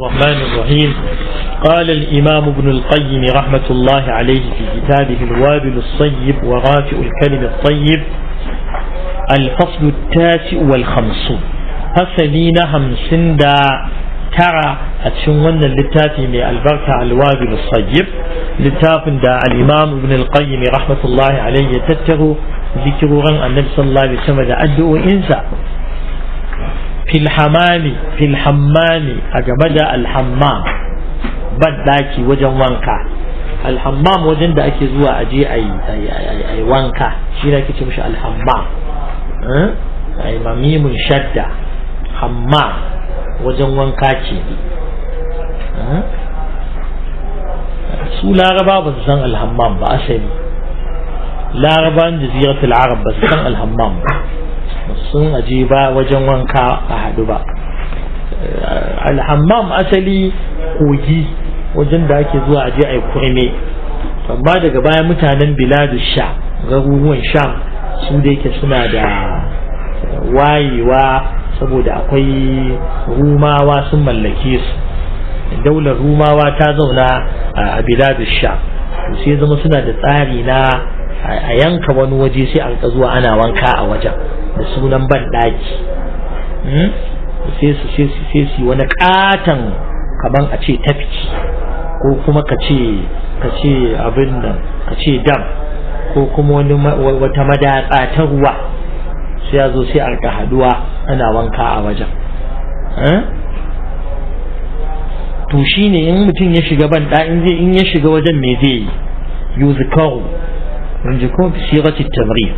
الرحمن الرحيم قال الإمام ابن القيم رحمة الله عليه في كتابه الوابل الصيب ورافع الكلم الطيب الفصل التاسع والخمسون فسلين همسن دا ترى أتشون للتاتي من البركة الوابل الصيب لتاف دا الإمام ابن القيم رحمة الله عليه تتغو ذكر النبي صلى الله عليه وسلم أدعو إنسان filhamami filhammami a game da alhammam daki wajen wanka alhammam wajen da ake zuwa a je a yi wanka shi na kice mishi alhammam eh? a yi mamimin shadda hammam wajen wanka ce eh? su laraba ba su san alhammam ba asali laraban ziyartar arab ba su san alhammam ba sun aje ba wajen wanka haɗu ba alhammam asali kogi wajen da ake zuwa aje a yi kurme amma daga baya mutanen biladu sha garuruwan sham su da yake suna da wayewa saboda akwai rumawa sun mallake su daular rumawa ta zauna a biladu sha sai zama suna da tsari na a yanka wani waje sai an zuwa ana wanka a wajen da sunan ban daji Hmm? sai su sai su wani katon kamar a ce tafki ko kuma ka ce ka ce abin nan ka ce dam ko kuma wani wata madatsa ta ruwa sai ya zo sai a ga haduwa ana wanka a wajen hmm? to shine in mutum ya shiga ban da in zai in ya shiga wajen me zai yi yuzkaru mun ji ko siratu tamrid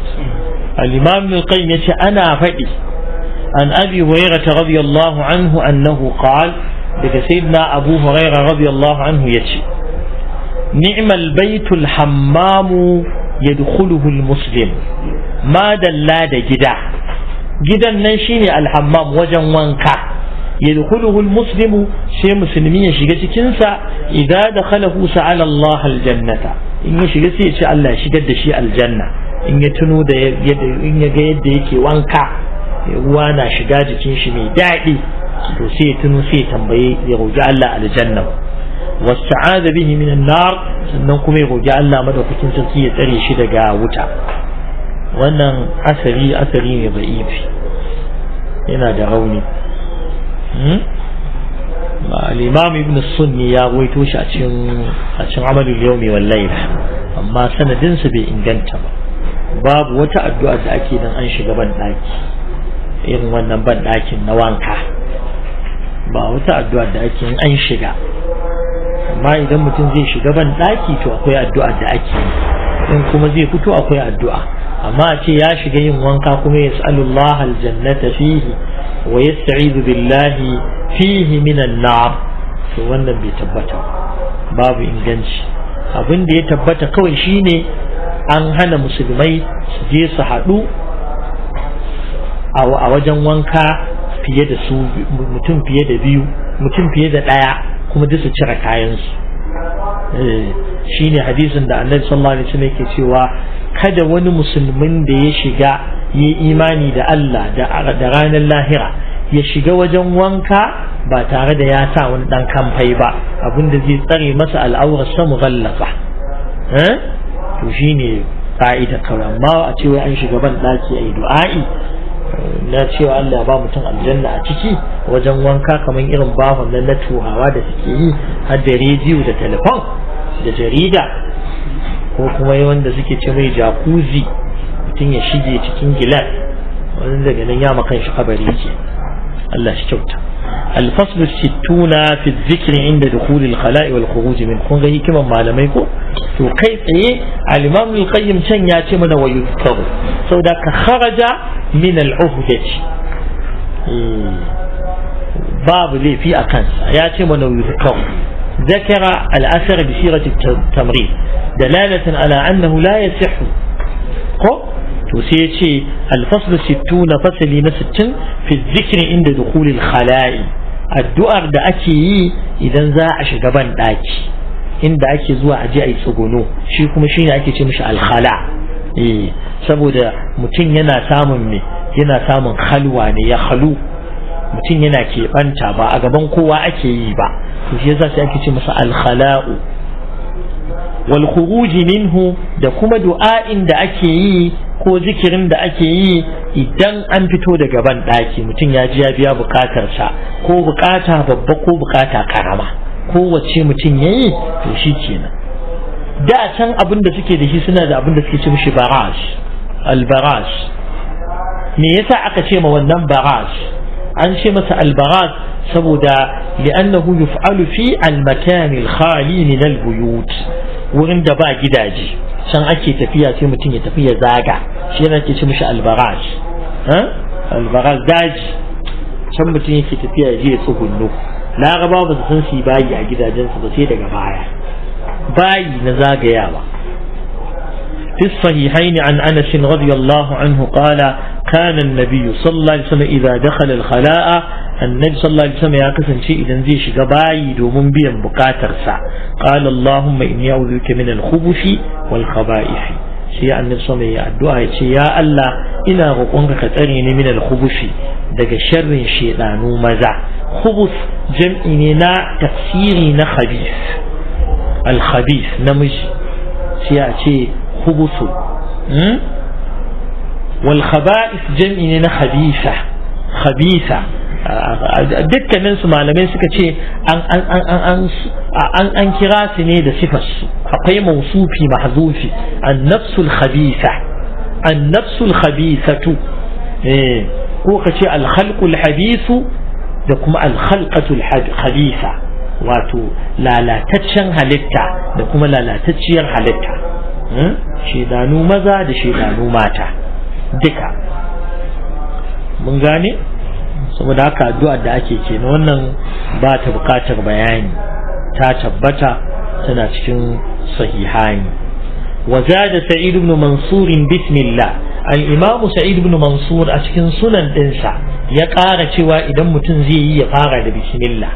al-imam al-qayyim yace ana faɗi عن أبي هريرة رضي الله عنه أنه قال لك سيدنا أبو هريرة رضي الله عنه يتشي نعم البيت الحمام يدخله المسلم ما دلاد جدا جدا نشيني الحمام وجن وانكا يدخله المسلم شيء مسلمين شيء كنسا إذا دخله سأل الله الجنة إن شيء شيء الله شيء الجنة in ya tuno da in ya ga yadda yake wanka Mai ruwa na shiga jikin shi mai daɗi to sai tuno sai tambayi ya roƙi Allah aljanna wasta'aza bihi min an-nar sannan kuma ya roƙi Allah madaukakin sarki ya tsare shi daga wuta wannan asali asali ne ba yana da rauni hmm? al-imam ibn sunni ya waito shi a cikin a cikin amalul yawmi wal amma sanadinsa bai inganta ba babu wata addu'a da ake dan an shiga ban daki Yin wannan ban na wanka ba wata addu'a da ake yin an shiga amma idan mutum zai shiga ban to akwai addu'a da ake yi in kuma zai fito akwai addu'a amma a ce ya shiga yin wanka kuma ya sa'alullah aljannata fihi wa Sa'idu billahi fihi minan nar to wannan bai tabbata babu inganci abin da ya tabbata kawai shine an hana musulmai su je su haɗu a wajen wanka fiye da su mutum fiye da biyu mutum fiye da ɗaya kuma duk su cire kayansu eh, shine hadisin da annabi sallallahu alaihi wasallam yake cewa kada wani musulmin da ya shiga yi imani da Allah da ranar lahira ya shiga wajen wanka ba tare da ya sa wani dan kamfai ba abinda zai tsare masa al'aurar samu mughallafa eh to shine ka'ida kawai amma a cewa an shiga ban daki ai du'a'i na cewa Allah ba mutum aljanna a ciki wajen wanka kamar irin babon na tuhawa da suke yi har da rediyo da telefon da jarida ko kuma wanda suke ce mai jakuzi mutum ya shige cikin gilas wanda daga nan ya makan shi kabari ke Allah shi kyauta الفصل الستون في الذكر عند دخول الخلاء والخروج من خنزه كما ما لم يكن توقيت ايه الامام القيم شن ياتي من ويذكر سو ذاك خرج من العهدة باب لي في اكنس ياتي من ويذكر ذكر الاثر بسيرة التمرين دلالة على انه لا يصح وسيأتي الفصل الستون فصل لنا في الذكر عند دخول الخلائق addu'ar da ake yi idan za a shiga ban daki inda ake zuwa aje a yi tsuguno shi kuma shine ake ce mishi alhala eh saboda mutum yana samun ne yana samun halwa ne ya halu mutum yana keɓanta ba a gaban kowa ake yi ba to shi yasa sai ake ce masa alhala'u wal khuruji minhu da kuma du'a'in da ake yi ko zikirin da ake yi idan an fito daga banɗaki, ɗaki mutum ya ji ya biya sa, ko buƙata babba ko bukata ƙarama kowace mutum ya yi to shi kenan da can abin da suke da shi suna da abin da suke ce mishi baraj albaraj me yasa aka ce ma wannan baraj an ce masa albaraj saboda li'annahu yuf'alu fi al-makan al-khali min al-buyut wurin da ba gidaje can ake tafiya sai mutum ya tafi ya zaga shi yana ke ci mishi albaraj albaraj daji can mutum yake tafiya ya je ya tsugunno laraba ba su san su bayi a gidajensu ba sai daga baya bayi na zagayawa في الصحيحين عن أنس رضي الله عنه قال كان النبي صلى الله عليه وسلم إذا دخل الخلاء النبي صلى الله عليه وسلم يقسم شيء إذا زي شيء باي دومن بيان بكاتر قال اللهم إني أعوذ بك من الخبث والخبائث شيء النبي صلى الله عليه وسلم يا شيء يا الله إنا غقونك كتريني من الخبث دك شر شيطان ومزع خبث جمعنا تفسيرنا خبيث الخبيث نمج شيء شيء خبث wal khaba'is jam'i ne na khabisa khabisa dukkanin su malamai suka ce an kira su ne da sifarsu akwai mausufi mahzufi annafsul khabisa nafsul khabisatu eh, ko ka ce alhalqul habisu da kuma alhalqatul khabisa wato lalataccen halitta da kuma lalatacciyar halitta hmm? shedanu maza da shedanu mata duka mun gane saboda haka addu'a da ake ke wannan ba ta bukatar bayani ta tabbata tana cikin sahihani wa zada sa'id ibn mansur bismillah al-imam sa'id ibn mansur a cikin sunan dinsa ya ƙara cewa idan mutum zai yi ya fara da bismillah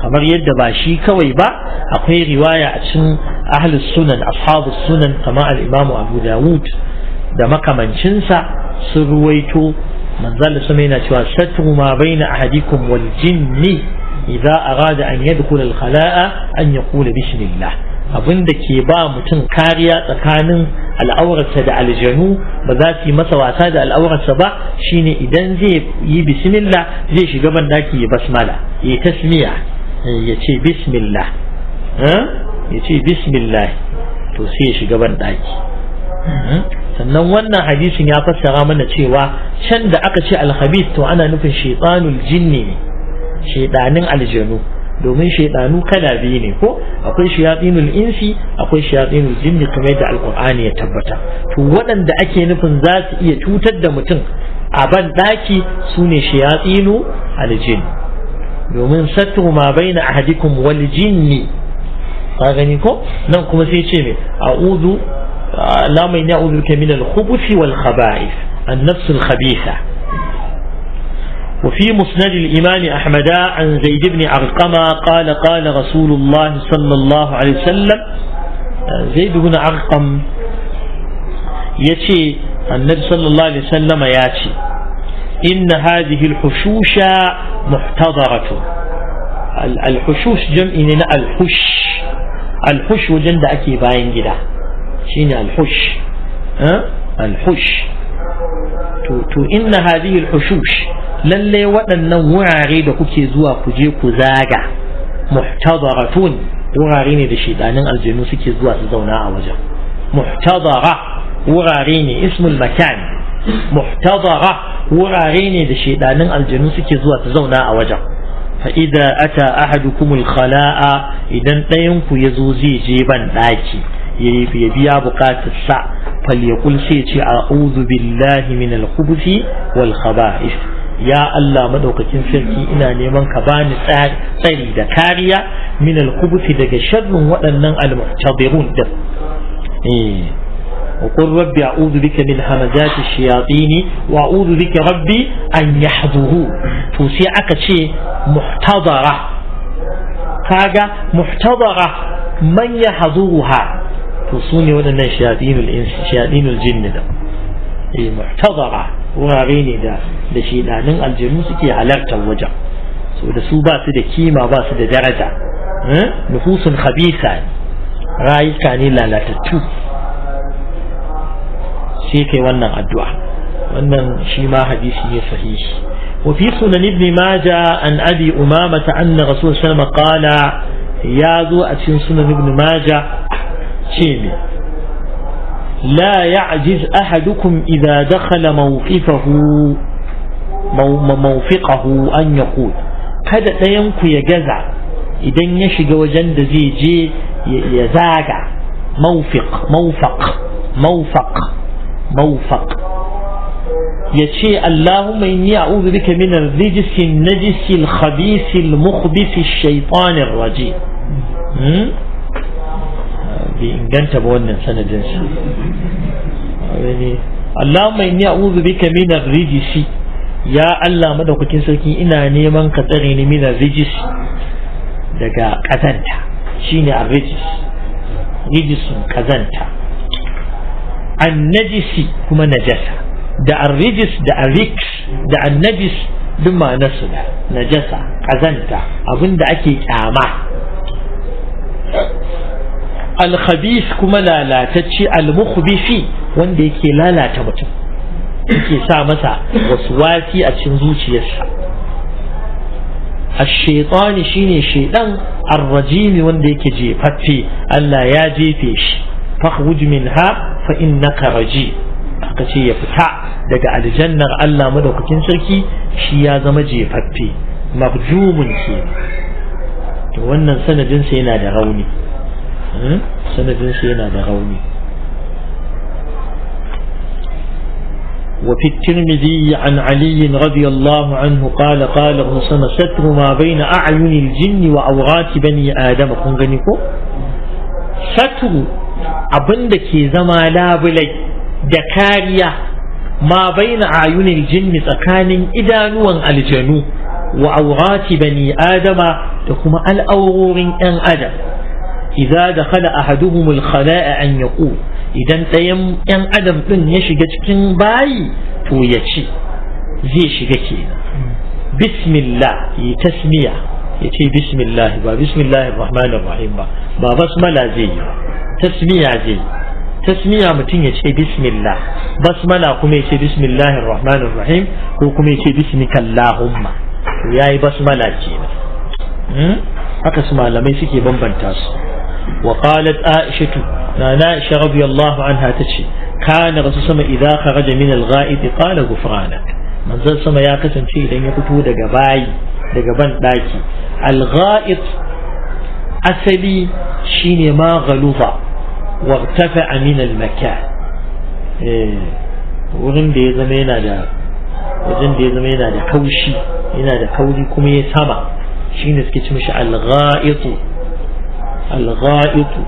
kamar yadda ba shi kawai ba akwai riwaya a cikin ahlus sunan ashabus sunan kama al-imam abu dawud da makamancinsa sun ruwaito manzal su yana cewa satru ma baina ahadikum wal jinni idza arada an yadkhul al khala'a an yaqula bismillah abinda ke ba mutum kariya tsakanin al'aurarsa da aljanu ba za su yi masa wasa da al'aurarsa ba shine idan zai yi bismillah zai shiga daki ya basmala ya tasmiya ya ce bismillah ya ce bismillah to sai ya shiga daki. sannan wannan hadisin ya fassara mana cewa can da aka ce alhabis to ana nufin shaitanul jinni ne shaitanin aljanu domin shaitanu kala biyu ne ko akwai shayatinul insi akwai shayatinul jinni kamar yadda alqur'ani ya tabbata to waɗanda ake nufin za su iya cutar da mutum a ban daki sune shayatinu aljin domin sattu ma baina ahadikum wal jinni ka gani ko nan kuma sai ce me a'udhu اللهم نعم، إني أعوذ بك من الخبث والخبائث النفس الخبيثة وفي مسند الإمام أحمد عن زيد بن عرقمة قال قال رسول الله صلى الله عليه وسلم زيد بن عرقم يتي النبي صلى الله عليه وسلم ياتي إن هذه الحشوش محتضرة الحشوش جمع الحش الحش وجند أكي باين جدا Shin al-hush al-hush to to inna hadhihi al-hushush lalle waɗannan wurare da kuke zuwa kuje kuzaga, ku zaga muhtadaratun wurare ne da shedanin aljanu suke zuwa su zauna a wajen muhtadara wurare ne ismul makan wurare ne da shedanin aljanu suke zuwa su zauna a wajen ata ahadukum al idan ɗayanku yazo zai je ban ya biya bukatarsa falyakul sai ce a'udhu billahi min al wal khaba'ith ya Allah madaukakin sarki ina neman ka bani tsari da kariya min al daga sharrin waɗannan al-mu'tadirun din eh وقل ربي أعوذ بك من همزات الشياطين وأعوذ بك ربي أن يحضروا توسي أكتشي محتضرة كاجا محتضرة من يحضرها to su ne waɗannan shayaɗinul jinni da eh, mu'tazara wurare ne da da shedanin aljanu suke halartar wajen so da su ba su da kima ba su da daraja eh, nufusun khabisa rayuka ne lalatattu sai kai wannan addu'a wannan shi ma hadisi ne sahihi وفي سنن ابن ماجه عن أبي أمامة أن رسول الله صلى الله عليه وسلم قال يا ذو سنن ابن ماجه شيني لا يعجز أحدكم إذا دخل موقفه موفقه أن يقول هذا كذا تينكو يجزع إذا يشق وجند زيجي يزاقع موفق موفق موفق موفق يشي اللهم إني أعوذ بك من الرجس النجس الخبيث المخبث الشيطان الرجيم bai inganta ba wannan sanadin shi Allahumma inni a'udhu bika min ar ya Allah madaukakin sarki ina neman ka tsare ni min ar daga kazanta shine ar rijis, rijisun kazanta an-najisi kuma najasa da ar da ar-riks da an-najis duk su da najasa kazanta abinda ake kyama alkhabis kuma lalatacce al wanda yake lalata mutum yake sa masa wasu wasi a cikin zuciyarsa ash-shaytan shine shaydan ar-rajimi wanda yake jefatte. Allah ya jefe shi fakhruj minha fa innaka rajim aka ce ya fita daga aljannar Allah madaukakin sarki shi ya zama jefaffe mahjumun ke to wannan sanadinsa yana da rauni sanadin sa yana da rauni وفي الترمذي عن علي رضي الله عنه قال قال ابن سنة ستر ما بين أعين الجن وأوغات بني آدم كن غنيكو ستر أبندك زما لابلي دكاريا ما بين أعين الجن سكان إدانوا الجنو وأوغات بني آدم تكما الأورور أن آدم idza dakhala ahaduhum al-khala'a an yaqul idan ɗayan yan adam din ya shiga cikin bayi to ya ce zai shiga kenan bismillah yi tasmiya ya ce bismillah ba bismillah rahman rahim ba ba basmala zai yi tasmiya zai yi tasmiya mutum ya ce bismillah basmala kuma ya ce bismillahir rahmanir rahim ko kuma ya ce bismikallahumma to yi basmala kenan haka su malamai suke bambanta su وقالت عائشة عائشة رضي الله عنها تشي كان رسول سما إذا خرج من الغائط قال غفرانك من زل سما يا قسم شيء لن يكتو دقا باي دقا بان داكي الغائط أسلي شيني ما غلظ وارتفع من المكان إيه wurin da ya zama yana da wajen da ya zama yana da kaushi yana da kauri kuma ya sama shine suke ci mishi al-gha'itu al-gha'itu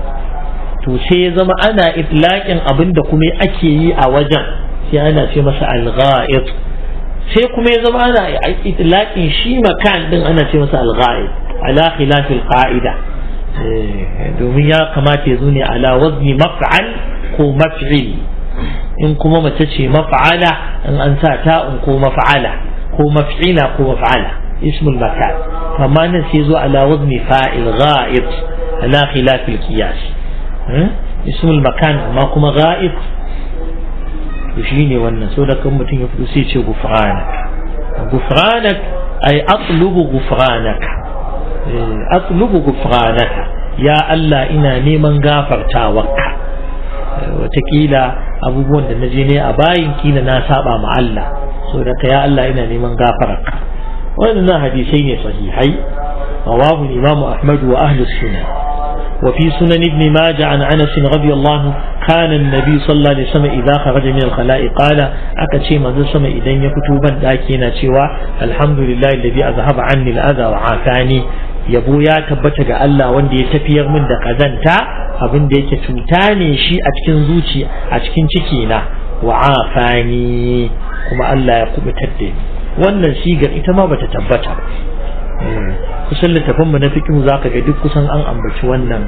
to sai ya zama ana itlaqin abin da kuma ake yi a wajen sai ana ce masa al sai kuma ya zama ana itlaqin shi makan din ana ce masa al-gha'it ala khilaf qaida eh, domin ya kamata ya zo ne ala wazni maf'al ko maf'il in kuma mace ce maf'ala in an sa ta'un ko maf'ala ko maf'ila ko maf'ala ismul makan amma nan sai zo ala wazni fa'il gha'it لا خلاف القياس اسم المكان ما كما غائب يشيني وانا سودا كم تنفسيتي غفرانك غفرانك اي اطلب غفرانك إيه، اطلب غفرانك يا الله انا نيمان غافر تاوك وتكيلا ابو بوند نجيني اباين كينا ناسابا مع الله سودا يا الله انا نيمان غافرك وانا حديثيني صحيحي رواه الامام احمد واهل السنه وفي سنن ابن ماجه عن أنس رضي الله كان النبي صلى الله عليه وسلم إذا خرج من الخلاء قال أكتشي ما زسم إذن يكتوبا داكينا شوى الحمد لله الذي أذهب عني الأذى وعافاني yabo ya tabbata ga Allah wanda ya tafiyar min da kazanta abin da yake cuta ne shi a cikin zuci a cikin ciki na wa afani kuma Allah ya kubutar da ni wannan sigar ita ma bata tabbata kusan littafin mu na fikihu zaka ga duk kusan an ambaci wannan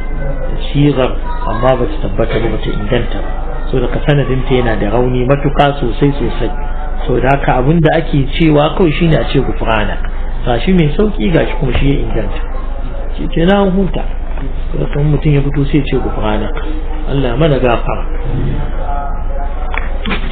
tasirar amma ba ta tabbata ba ta inganta ba so da ka sanadin ta yana da rauni matuka sosai sosai so da haka abin da ake cewa kawai shine a ce gufrana shi mai sauki gashi kuma shi ya inganta shi ce na huta kuma mutum ya fito sai ce gufrana Allah mana gafara